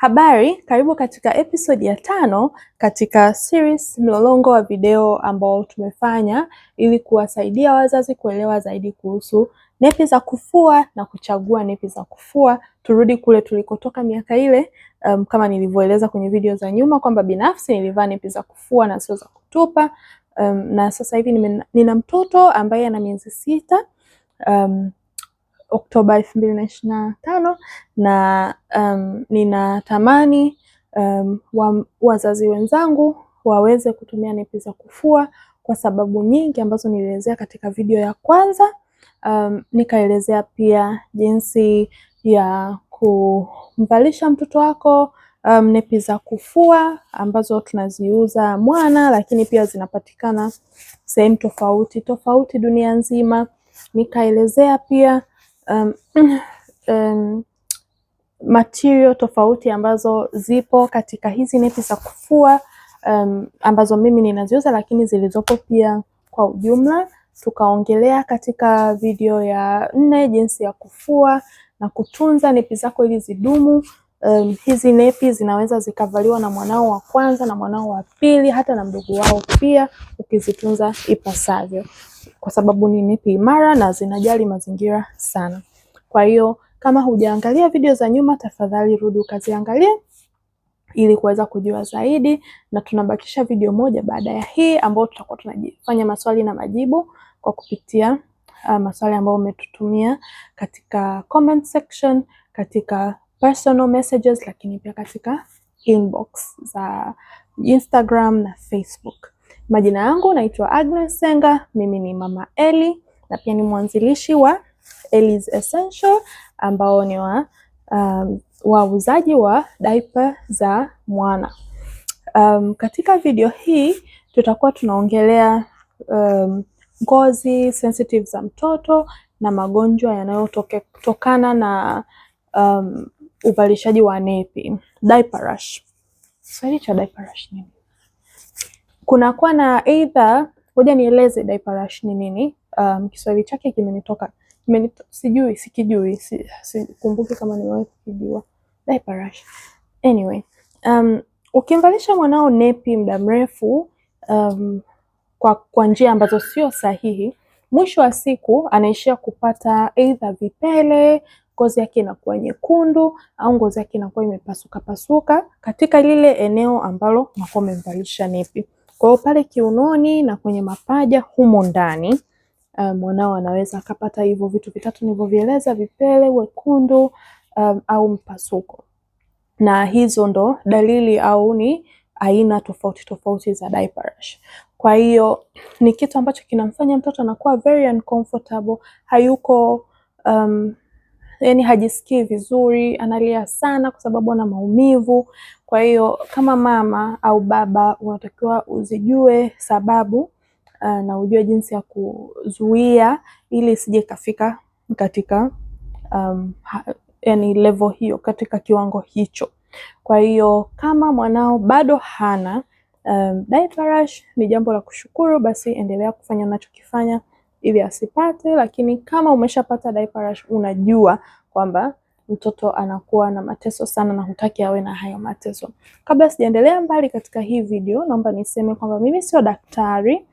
Habari, karibu katika episodi ya tano katika series mlolongo wa video ambao tumefanya ili kuwasaidia wazazi kuelewa zaidi kuhusu nepi za kufua na kuchagua nepi za kufua. Turudi kule tulikotoka miaka ile. Um, kama nilivyoeleza kwenye video za nyuma kwamba binafsi nilivaa nepi za kufua na sio za kutupa. Um, na sasa hivi nina mtoto ambaye ana miezi sita. Um, Oktoba elfu mbili na ishirini na tano na um, ninatamani um, wa, wazazi wenzangu waweze kutumia nepi za kufua kwa sababu nyingi ambazo nilielezea katika video ya kwanza. Um, nikaelezea pia jinsi ya kumvalisha mtoto wako um, nepi za kufua ambazo tunaziuza Mwana, lakini pia zinapatikana sehemu tofauti tofauti dunia nzima. Nikaelezea pia um, um, material tofauti ambazo zipo katika hizi nepi za kufua um, ambazo mimi ninaziuza, lakini zilizopo pia kwa ujumla. Tukaongelea katika video ya nne jinsi ya kufua na kutunza nepi zako ili zidumu. Um, hizi nepi zinaweza zikavaliwa na mwanao wa kwanza na mwanao wa pili hata na mdogo wao pia, ukizitunza ipasavyo, kwa sababu ni nepi imara na zinajali mazingira sana. Kwa hiyo kama hujaangalia video za nyuma, tafadhali rudi ukaziangalie ili kuweza kujua zaidi, na tunabakisha video moja baada ya hii ambayo tutakuwa tunajifanya maswali na majibu kwa kupitia uh, maswali ambayo umetutumia katika comment section, katika personal messages, lakini pia katika inbox za Instagram na Facebook. Majina yangu naitwa Agnes Senga, mimi ni Mama Eli na pia ni mwanzilishi wa Elly's Essential ambao ni wa um, wauzaji wa diaper za mwana. Um, katika video hii tutakuwa tunaongelea um, ngozi sensitive za mtoto na magonjwa yanayotokana na um, uvalishaji wa nepi diaper rash. Swali cha diaper rash nini? Kunakuwa na either, ngoja nieleze diaper rash ni nini. Um, Kiswahili chake kimenitoka sijui, sikijui, sikumbuki kama nimewahi kukijua. Dai Anyway, um, ukimvalisha mwanao nepi muda mrefu um, kwa, kwa njia ambazo sio sahihi, mwisho wa siku anaishia kupata either vipele, ngozi yake inakuwa nyekundu au ngozi yake inakuwa imepasuka pasuka katika lile eneo ambalo nakuwa umemvalisha nepi. Kwa hiyo pale kiunoni na kwenye mapaja humo ndani Um, mwanao anaweza akapata hivyo vitu vitatu nilivyovieleza, vipele wekundu um, au mpasuko. Na hizo ndo dalili au ni aina tofauti tofauti za diaper rash. Kwa hiyo ni kitu ambacho kinamfanya mtoto anakuwa very uncomfortable, hayuko um, yani hajisikii vizuri, analia sana kwa sababu ana maumivu. Kwa hiyo kama mama au baba unatakiwa uzijue sababu Eh, na ujue jinsi ya kuzuia ili isije kafika katika um, ha, yani level hiyo, katika kiwango hicho. Kwa hiyo kama mwanao bado hana um, diaper rash, ni jambo la kushukuru, basi endelea kufanya unachokifanya ili asipate. Lakini kama umeshapata diaper rash, unajua kwamba mtoto anakuwa na mateso sana na hutaki awe na hayo mateso. Kabla sijaendelea mbali katika hii video, naomba niseme kwamba mimi sio daktari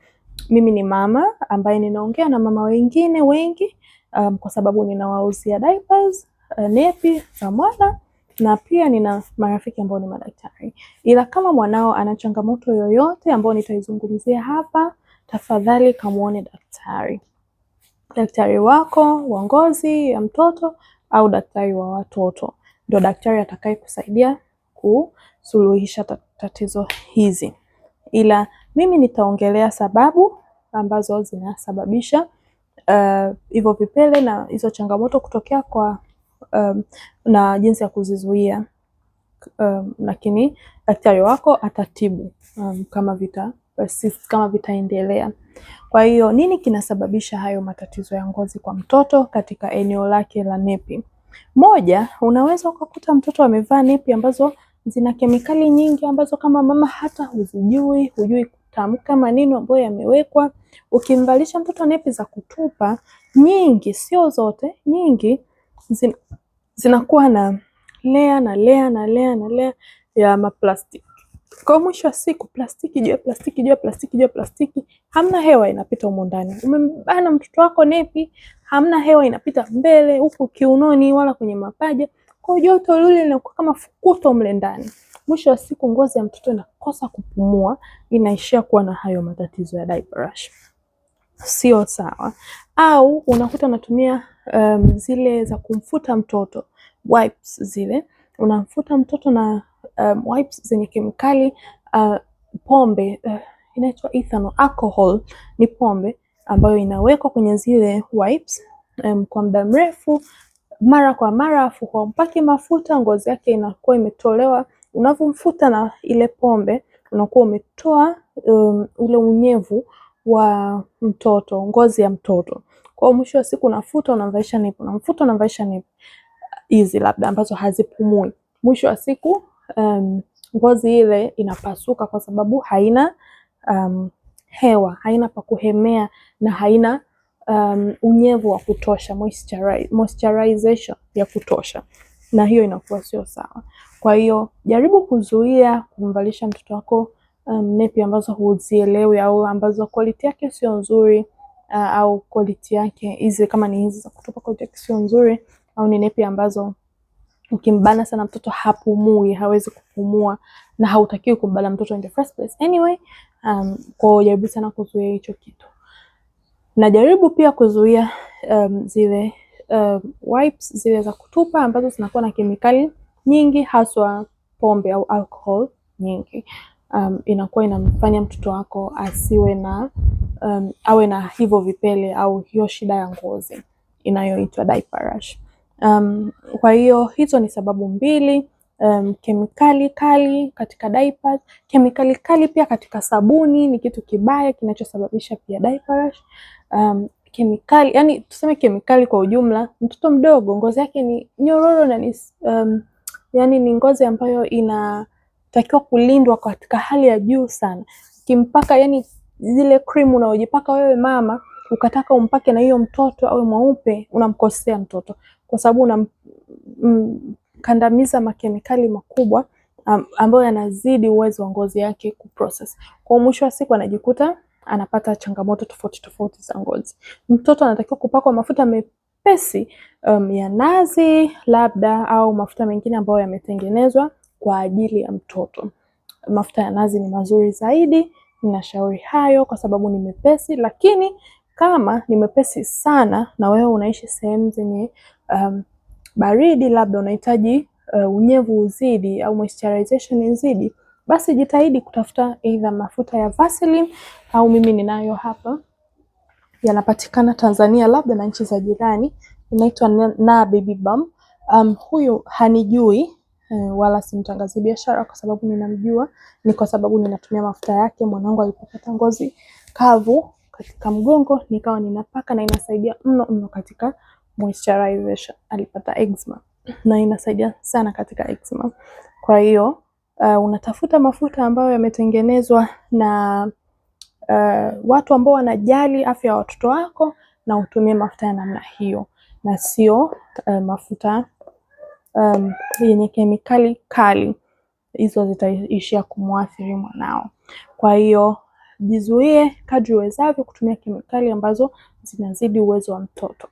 mimi ni mama ambaye ninaongea na mama wengine wengi um, kwa sababu ninawauzia diapers, uh, nepi za mwana na pia nina marafiki ambao ni madaktari. Ila kama mwanao ana changamoto yoyote ambayo nitaizungumzia hapa, tafadhali kamuone daktari, daktari wako wa ngozi ya mtoto au daktari wa watoto, ndio daktari atakaye kusaidia kusuluhisha tatizo hizi ila mimi nitaongelea sababu ambazo zinasababisha eh, hivyo uh, vipele na hizo changamoto kutokea kwa um, na jinsi ya kuzizuia um, lakini daktari wako atatibu um, kama vita persist, kama vitaendelea. Kwa hiyo nini kinasababisha hayo matatizo ya ngozi kwa mtoto katika eneo lake la nepi? Moja, unaweza ukakuta mtoto amevaa nepi ambazo zina kemikali nyingi ambazo kama mama hata huzijui, hujui kutamka maneno ambayo yamewekwa. Ukimvalisha mtoto nepi za kutupa, nyingi, sio zote, nyingi zin, zinakuwa na lea na lea na lea na lea ya maplastiki. Kwa mwisho wa siku plastiki juu ya plastiki juu ya plastiki juu ya plastiki, hamna hewa inapita humo ndani. Umembana mtoto wako nepi, hamna hewa inapita mbele huku kiunoni, wala kwenye mapaja, kwa joto lile linakuwa kama fukuto mle ndani. Mwisho wa siku ngozi ya mtoto inakosa kupumua, inaishia kuwa na hayo matatizo ya diaper rash. Sio sawa. Au unakuta unatumia um, zile za kumfuta mtoto wipes, zile unamfuta mtoto na um, wipes zenye kemikali uh, pombe uh, inaitwa ethanol alcohol, ni pombe ambayo inawekwa kwenye zile wipes um, kwa muda mrefu, mara kwa mara, afu kwa mpaki mafuta, ngozi yake inakuwa imetolewa Unavomfuta na ile pombe unakuwa umetoa um, ule unyevu wa mtoto, ngozi ya mtoto. Kwa mwisho wa siku unafuta unamvaisha nepi, unamfuta unamvaisha nepi hizi labda ambazo hazipumui. Mwisho wa siku um, ngozi ile inapasuka kwa sababu haina um, hewa, haina pa kuhemea na haina um, unyevu wa kutosha moisturization ya kutosha na hiyo inakuwa sio sawa. Kwa hiyo jaribu kuzuia kumvalisha mtoto wako um, nepi ambazo huzielewi au ambazo quality yake sio nzuri uh, au quality yake hizi kama ni hizi za kutupa quality yake sio nzuri au ni nepi ambazo ukimbana sana mtoto hapumui, hawezi kupumua na hautakiwi kumbana mtoto in the first place anyway. Um, kwa jaribu sana kuzuia hicho kitu na jaribu pia kuzuia um, zile uh, wipes zile za kutupa ambazo zinakuwa na kemikali nyingi haswa pombe au alcohol nyingi. Um, inakuwa inamfanya mtoto wako asiwe na um, awe na hivyo vipele au hiyo shida ya ngozi inayoitwa diaper rash. Um, kwa hiyo hizo ni sababu mbili. Um, kemikali kali katika diapers. Kemikali kali pia katika sabuni ni kitu kibaya kinachosababisha pia diaper rash. Um, kemikali, yani tuseme kemikali kwa ujumla. Mtoto mdogo ngozi yake ni nyororo na ni um, yani ni ngozi ambayo inatakiwa kulindwa katika hali ya juu sana. Kimpaka yani zile cream unaojipaka wewe mama ukataka umpake na hiyo mtoto awe mweupe, unamkosea mtoto kwa sababu unamkandamiza mm, makemikali makubwa ambayo yanazidi uwezo wa ngozi yake kuprocess. Kwa mwisho wa siku anajikuta anapata changamoto tofauti tofauti za ngozi. Mtoto anatakiwa kupakwa mafuta mepesi um, ya nazi labda au mafuta mengine ambayo yametengenezwa kwa ajili ya mtoto. Mafuta ya nazi ni mazuri zaidi, ninashauri hayo kwa sababu ni mepesi, lakini kama ni mepesi sana na wewe unaishi sehemu zenye um, baridi labda unahitaji uh, unyevu uzidi au moisturization nzidi, basi jitahidi kutafuta aidha mafuta ya Vaseline au mimi ninayo hapa, yanapatikana Tanzania labda na nchi za jirani, inaitwa na Baby Balm. Um, huyu hanijui eh, wala simtangazi biashara kwa sababu ninamjua, ni kwa sababu ninatumia mafuta yake. Mwanangu alipopata ngozi kavu katika mgongo nikawa ninapaka na inasaidia mno mno katika moisturization. Alipata eczema na inasaidia sana katika eczema, kwa hiyo uh, unatafuta mafuta ambayo yametengenezwa na uh, watu ambao wanajali afya ya watoto wako na utumie mafuta ya namna hiyo na sio uh, mafuta um, yenye kemikali kali, hizo zitaishia kumwathiri mwanao. Kwa hiyo jizuie kadri uwezavyo kutumia kemikali ambazo zinazidi uwezo wa mtoto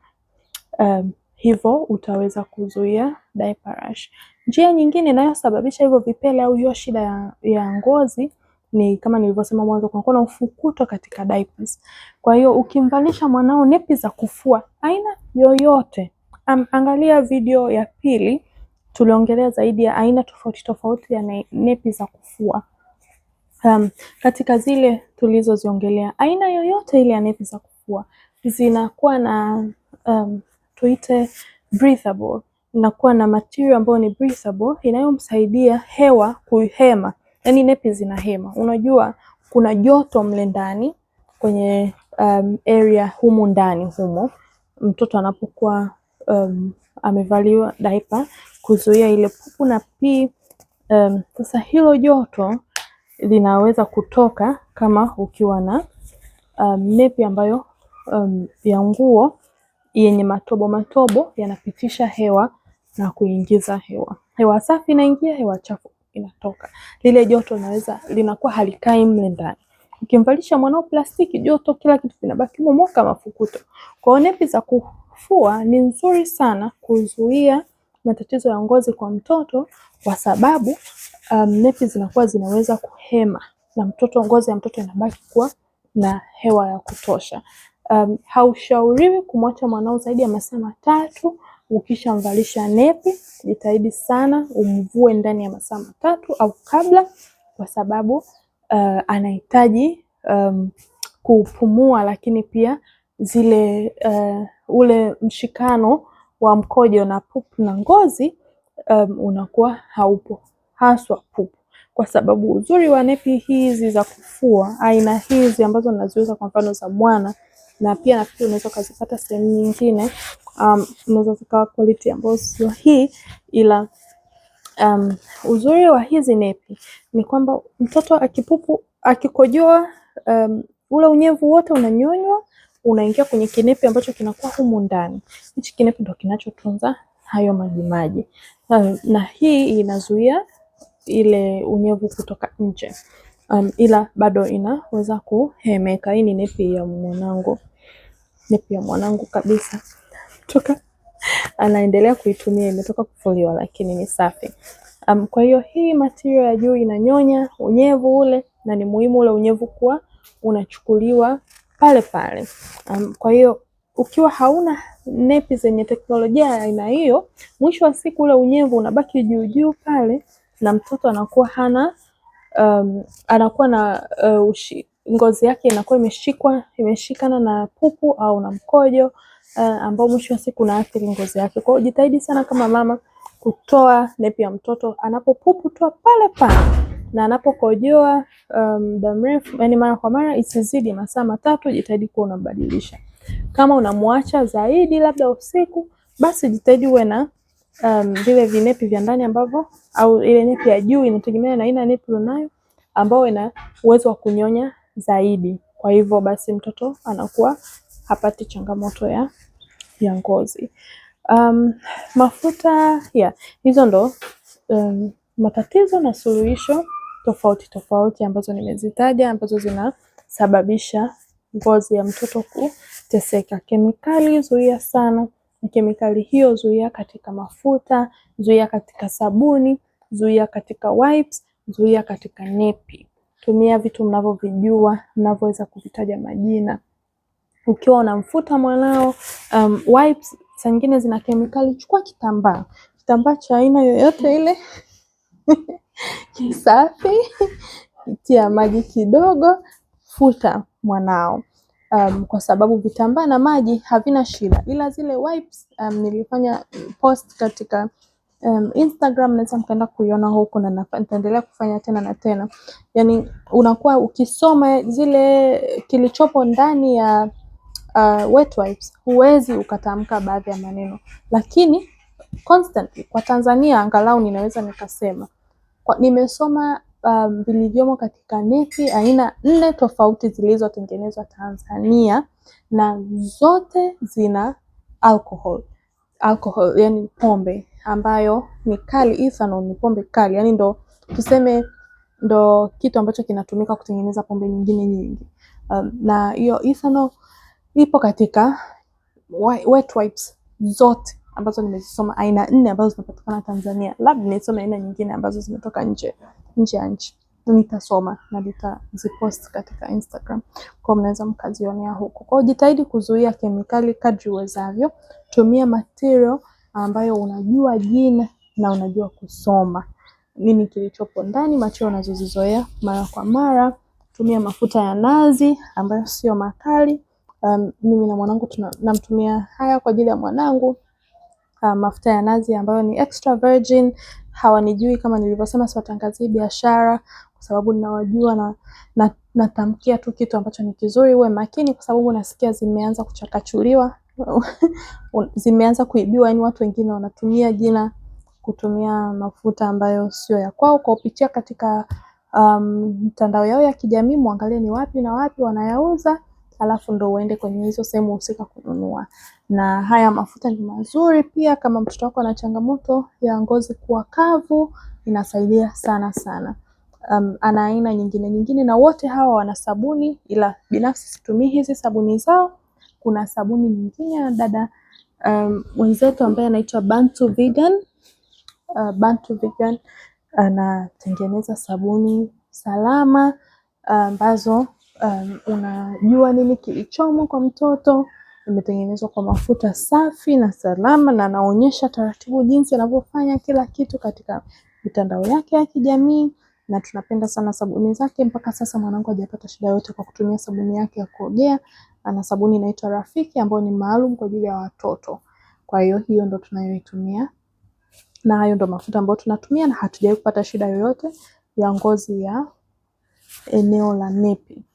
um, hivyo utaweza kuzuia diaper rash. Njia nyingine inayosababisha hivyo vipele au hiyo shida ya, ya ngozi ni kama nilivyosema mwanzo, kunakuwa na ufukuto katika diapers. Kwa hiyo ukimvalisha mwanao nepi za kufua aina yoyote, um, angalia video ya pili tuliongelea zaidi ya aina tofauti tofauti ya nepi za kufua. Um, katika zile tulizoziongelea aina yoyote ile ya nepi za kufua zinakuwa na um, tuite breathable, na na material ambayo ni breathable inayomsaidia hewa kuhema yani nepi zina hema. Unajua kuna joto mle ndani kwenye um, area humu ndani humo mtoto anapokuwa um, amevaliwa diaper kuzuia ile pupu na pii. Um, sasa hilo joto linaweza kutoka kama ukiwa na um, nepi ambayo um, ya nguo yenye matobo matobo yanapitisha hewa na kuingiza hewa. Hewa safi inaingia, hewa chafu inatoka. Lile joto linaweza linakuwa halikai mle ndani. Ukimvalisha mwanao plastiki, joto kila kitu kinabaki momo kama fukuto. Kwa hiyo nepi za kufua ni nzuri sana kuzuia matatizo ya ngozi kwa mtoto kwa sababu um, nepi zinakuwa zinaweza kuhema na mtoto, ngozi ya mtoto inabaki kuwa na hewa ya kutosha um, haushauriwi kumwacha mwanao zaidi ya masaa matatu ukishamvalisha nepi. Jitahidi sana umvue ndani ya masaa matatu au kabla, kwa sababu uh, anahitaji um, kupumua, lakini pia zile uh, ule mshikano wa mkojo na pupu na ngozi um, unakuwa haupo, haswa pupu, kwa sababu uzuri wa nepi hizi za kufua aina hizi ambazo naziuza kwa mfano za mwana na pia nafikiri unaweza ukazipata sehemu nyingine, um, unaweza um, zikawa quality ambayo sio hii ila um, uzuri wa hizi nepi ni kwamba mtoto akipupu akikojoa um, ule unyevu wote unanyonywa unaingia kwenye kinepi ambacho kinakuwa humu ndani. Hichi kinepi ndo kinachotunza hayo majimaji na, na hii inazuia ile unyevu kutoka nje um, ila bado inaweza kuhemeka. Hii ni nepi ya mwanangu, nepi ya mwanangu kabisa, toka anaendelea kuitumia, imetoka kufuliwa lakini ni safi. Um, kwa hiyo hii material ya juu inanyonya unyevu ule, na ni muhimu ule unyevu kuwa unachukuliwa pale pale. Um, kwa hiyo ukiwa hauna nepi zenye teknolojia ya aina hiyo, mwisho wa siku ule unyevu unabaki juu juu pale na mtoto anakuwa hana um, anakuwa na uh, ushi, ngozi yake inakuwa imeshikwa imeshikana na pupu au na mkojo uh, ambao mwisho wa siku unaathiri ngozi yake. Kwa hiyo jitahidi sana kama mama kutoa nepi ya mtoto anapopupu, toa pale pale na anapokojoa um, muda um, mrefu, yani mara kwa mara, isizidi masaa matatu. Jitahidi kuwa unambadilisha. Kama unamwacha zaidi, labda usiku, basi jitahidi uwe na um, vile vinepi vya ndani ambavyo au ile nepi ya juu inategemea na aina nepi unayo ambayo ina uwezo wa kunyonya zaidi. Kwa hivyo basi mtoto anakuwa hapati changamoto ya ya ngozi. Um, mafuta yeah, hizo ndo um, matatizo na suluhisho tofauti tofauti ambazo nimezitaja ambazo zinasababisha ngozi ya mtoto kuteseka. Kemikali zuia sana. Kemikali hiyo zuia katika mafuta, zuia katika sabuni, zuia katika wipes, zuia katika nepi. Tumia vitu mnavyovijua mnavyoweza kuvitaja majina. Ukiwa unamfuta mwanao um, wipes zingine zina kemikali, chukua kitambaa, kitambaa cha aina yoyote ile kisafi, tia maji kidogo, futa mwanao um, kwa sababu vitambaa na maji havina shida, ila zile wipes um, nilifanya post katika um, Instagram naweza mkaenda kuiona huko, na nitaendelea kufanya tena na tena. Yani unakuwa ukisoma zile kilichopo ndani ya uh, wet wipes, huwezi ukatamka baadhi ya maneno, lakini constantly kwa Tanzania angalau ninaweza nikasema kwa, nimesoma Um, vilivyomo katika neti aina nne tofauti zilizotengenezwa Tanzania na zote zina alcohol alcohol, yani pombe ambayo ni kali. Ethanol ni pombe kali, yani ndo tuseme ndo kitu ambacho kinatumika kutengeneza pombe nyingine nyingi. Um, na hiyo ethanol ipo katika wet wipes zote ambazo nimezisoma aina nne ambazo zinapatikana Tanzania, labda nisome aina nyingine ambazo zimetoka nje nje ya nchi. Nitasoma na nitazipost katika Instagram, kwa mnaweza mkazionea huko. Kwa jitahidi kuzuia kemikali kadri uwezavyo. Tumia material ambayo unajua jina na unajua kusoma nini kilichopo ndani, material unazozizoea mara kwa mara. Tumia mafuta ya nazi ambayo sio makali. Um, mimi na mwanangu namtumia haya kwa ajili ya mwanangu uh, mafuta ya nazi ambayo ni extra virgin. Hawanijui kama nilivyosema, siwatangazii biashara kwa sababu ninawajua na, na natamkia tu kitu ambacho ni kizuri. Uwe makini kwa sababu nasikia zimeanza kuchakachuliwa zimeanza kuibiwa, yani watu wengine wanatumia jina kutumia mafuta ambayo sio ya kwao. Kwa kupitia katika um, mtandao um, yao ya kijamii, mwangalie ni wapi na wapi wanayauza alafu ndo uende kwenye hizo sehemu husika kununua. Na haya mafuta ni mazuri pia, kama mtoto wako ana changamoto ya ngozi kuwa kavu, inasaidia sana sana. Um, ana aina nyingine nyingine, na wote hawa wana sabuni, ila binafsi situmii hizi sabuni zao. Kuna sabuni nyingine ya dada um, mwenzetu wenzetu ambaye anaitwa Bantu Vegan. Uh, Bantu Vegan anatengeneza sabuni salama ambazo uh, um, unajua nini kilichomo kwa mtoto, imetengenezwa kwa mafuta safi na salama, na anaonyesha taratibu jinsi anavyofanya kila kitu katika mitandao yake ya kijamii na tunapenda sana sabuni zake. Mpaka sasa mwanangu hajapata shida yoyote kwa kutumia sabuni yake ya kuogea. Ana sabuni inaitwa Rafiki ambayo ni maalum kwa ajili ya watoto. Kwa hiyo hiyo ndo tunayoitumia na hayo ndo mafuta ambayo tunatumia, na hatujawahi kupata shida yoyote ya ngozi ya eneo la nepi.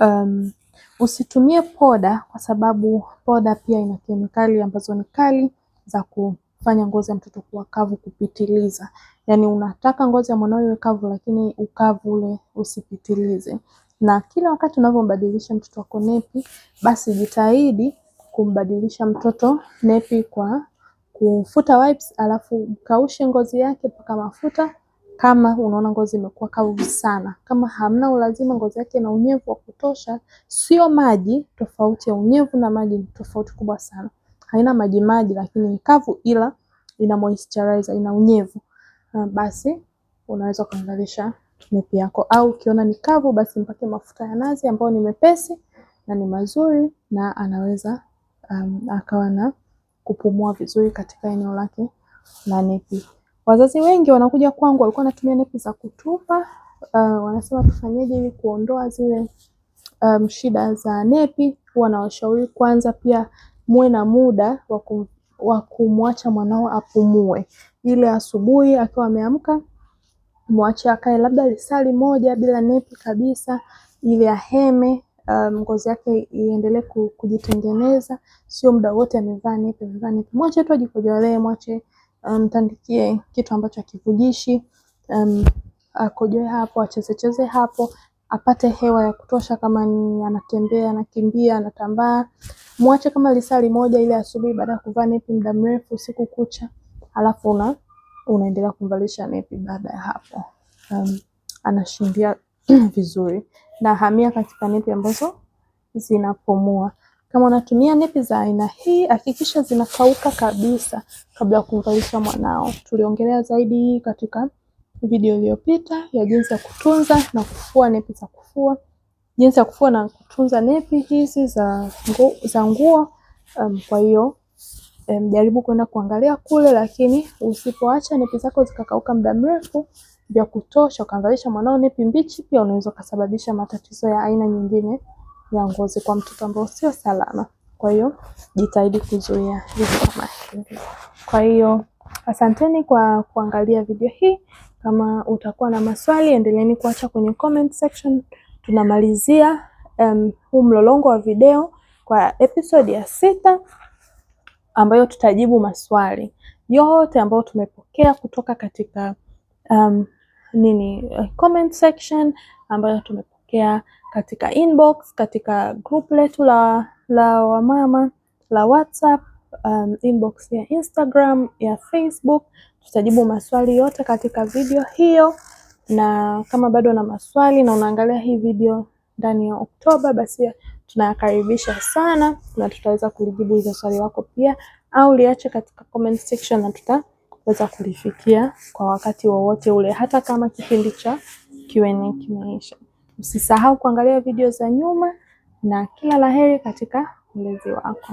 Um, usitumie poda kwa sababu poda pia ina kemikali ambazo ni kali za kufanya ngozi ya mtoto kuwa kavu kupitiliza. Yaani unataka ngozi ya mwanao iwe kavu lakini ukavu ule usipitilize. Na kila wakati unavyombadilisha mtoto wako nepi, basi jitahidi kumbadilisha mtoto nepi kwa kufuta wipes alafu mkaushe ngozi yake mpaka mafuta kama unaona ngozi imekuwa kavu sana, kama hamna ulazima, ngozi yake na unyevu wa kutosha, sio maji. Tofauti ya unyevu na maji ni tofauti kubwa sana. Haina maji maji, lakini ni kavu, ila ina moisturizer, ina unyevu, ah, basi unaweza kuangalisha nepi yako, au ukiona ni kavu, basi mpake mafuta ya nazi ambayo ni mepesi na ni mazuri, na anaweza um, akawa na kupumua vizuri katika eneo lake la nepi. Wazazi wengi wanakuja kwangu walikuwa wanatumia nepi za kutupa. Uh, wanasema tufanyeje ili kuondoa zile um, shida za nepi. Huwa nawashauri kwanza, pia muwe na muda wa kumwacha mwanao apumue, ile asubuhi akiwa ameamka mwache akae labda lisali moja bila nepi kabisa, ili aheme um, ngozi um, yake iendelee kujitengeneza. Sio muda wote amevaa nepi, amevaa nepi. Mwache tu ajikojolee, mwache mtandikie um, kitu ambacho akivujishi um, akojoe hapo, achezecheze hapo, apate hewa ya kutosha. Kama ni anatembea, anakimbia, anatambaa, mwache kama lisali moja ile asubuhi, baada ya kuvaa nepi muda mrefu siku kucha, alafu una unaendelea kumvalisha nepi. Baada ya hapo, um, anashindia vizuri na hamia katika nepi ambazo zinapomua. Kama unatumia nepi za aina hii, hakikisha zinakauka kabisa kabla ya kumvalisha mwanao. Tuliongelea zaidi katika video iliyopita ya jinsi ya kutunza na kufua nepi za kufua, jinsi ya kufua na kutunza nepi hizi za nguo, za nguo. Um, kwa hiyo um, jaribu kwenda kuangalia kule, lakini usipoacha nepi zako zikakauka muda mrefu vya kutosha ukamvalisha mwanao nepi mbichi, pia unaweza ukasababisha matatizo ya aina nyingine ya ngozi kwa mtoto ambao sio salama. Kwa hiyo jitahidi kuzuia vitu kama hivi. Kwa hiyo asanteni kwa kuangalia video hii. Kama utakuwa na maswali, endeleeni kuacha kwenye comment section. Tunamalizia um, huu mlolongo wa video kwa episode ya sita ambayo tutajibu maswali yote ambayo tumepokea kutoka katika um, nini eh, comment section ambayo tumepokea katika inbox, katika group letu la la wamama la WhatsApp, um, inbox ya Instagram, ya Facebook. Tutajibu maswali yote katika video hiyo, na kama bado na maswali na unaangalia hii video ndani ya Oktoba, basi tunakaribisha sana na tutaweza kulijibu hizo swali wako pia, au liache katika comment section na tutaweza kulifikia kwa wakati wowote ule, hata kama kipindi cha Q&A kimeisha. Usisahau kuangalia video za nyuma na kila laheri katika ulezi wako.